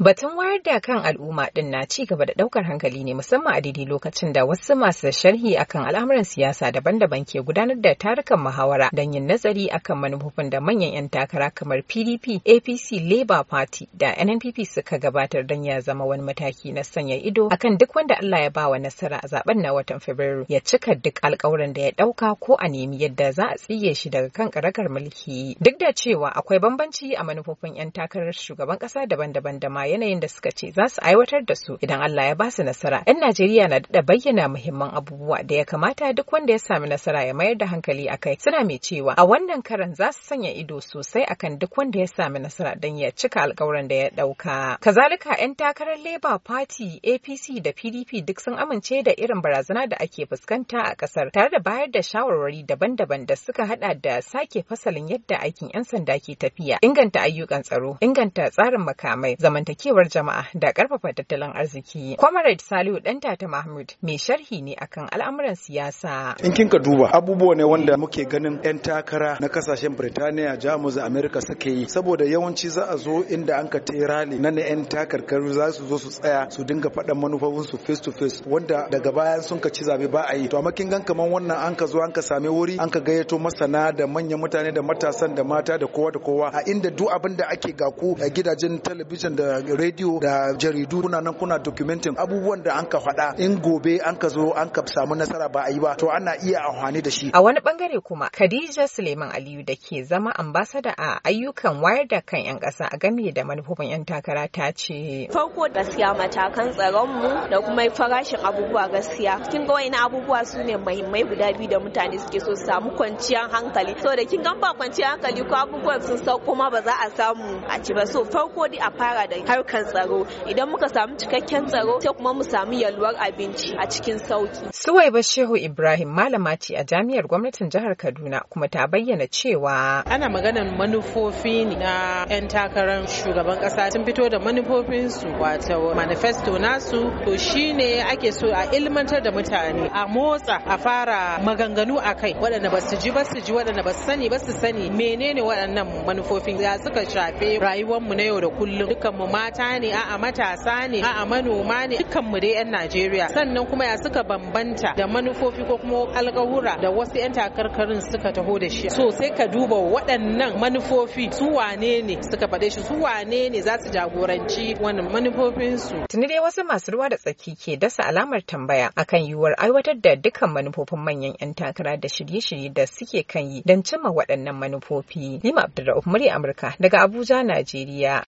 Batun wayar da kan al'umma din na ci gaba da daukar hankali ne musamman a daidai lokacin da wasu masu sharhi akan al'amuran siyasa daban-daban ke gudanar da tarukan muhawara don yin nazari akan manufofin da manyan 'yan takara kamar PDP, APC, Labour Party da NNPP suka gabatar don ya zama wani mataki na sanya ido akan duk wanda Allah ya bawa nasara a zaben na watan Fabrairu ya cika duk alkawuran da ya ɗauka ko a nemi yadda za a tsige shi daga kan karakar mulki. Duk da cewa akwai bambanci a manufofin 'yan takarar shugaban kasa daban-daban da ma yanayin da suka ce za su aiwatar da su idan Allah ya ba su nasara. 'Yan Najeriya na da bayyana muhimman abubuwa da ya kamata duk wanda ya sami nasara ya mayar da hankali a kai. Suna mai cewa a wannan karan za su sanya ido sosai akan duk wanda ya sami nasara don ya cika alkawuran da ya ɗauka. Kazalika 'yan takarar Labour Party, APC da PDP duk sun amince da irin barazana da ake fuskanta a ƙasar tare da bayar da shawarwari daban-daban da suka hada da sake fasalin yadda aikin 'yan sanda ke tafiya, inganta ayyukan tsaro, inganta tsarin makamai, zamanta zamantakewar jama'a da karfafa tattalin arziki. Comrade Salihu Dan Tata Mahmud mai sharhi ne akan al'amuran siyasa. In kin ka duba abubuwa ne wanda muke ganin 'yan takara na kasashen Birtaniya, Jamus da Amerika suke yi saboda yawanci za a zo inda an ka rali na 'yan takarkaru za su zo su tsaya su dinga faɗan manufofinsu face to face wanda daga bayan sun ka ci zabe ba a yi. To amma kin gan kaman wannan an ka zo an ka sami wuri an ka gayyato masana da manyan mutane da matasan da mata da kowa da kowa a inda duk abin da ake gaku a gidajen talabijin da rediyo da jaridu kuna nan kuna documenting abubuwan da an ka faɗa in gobe an ka zo an ka samu nasara ba a yi ba to ana iya amfani da shi. A wani bangare kuma Khadija Suleiman Aliyu da ke zama ambasada a ayyukan wayar da kan 'yan ƙasa a game da manufofin 'yan takara ta ce. Farko gaskiya matakan tsaron mu da kuma farashin abubuwa gaskiya. Kin ga wani abubuwa su ne muhimmai guda biyu da mutane suke so su samu kwanciyar hankali. So da kin gan ba kwanciyar hankali ko abubuwan sun sauko ma ba za a samu a ci ba. So farko dai a fara da harkar tsaro idan muka samu cikakken tsaro sai kuma mu samu yalwar abinci a cikin sauki. Suwaiba Shehu Ibrahim malama ce a jami'ar gwamnatin jihar Kaduna kuma ta bayyana cewa ana maganar manufofi na 'yan takarar shugaban ƙasa, sun fito da manufofinsu wato manifesto nasu to shine ake so a ilmantar da mutane a motsa a fara maganganu a kai waɗanda ba su ji ba su ji waɗanda ba su sani ba su sani menene waɗannan manufofin ya suka shafe rayuwarmu na yau da kullum mu ma mata ne a'a matasa ne a'a manoma ne dukkan mu dai 'yan Najeriya sannan kuma ya suka bambanta da manufofi ko kuma alkawura da wasu 'yan takarkarin suka taho da shi so sai ka duba waɗannan manufofi su wane ne suka faɗe shi su wane ne za su jagoranci wannan manufofinsu. Tuni dai wasu masu ruwa da tsaki ke dasa alamar tambaya akan yiwuwar aiwatar da dukkan manufofin manyan 'yan takara da shirye-shirye da suke kan yi don cimma waɗannan manufofi. nima Abdulrahman Murya Amurka daga Abuja, Najeriya.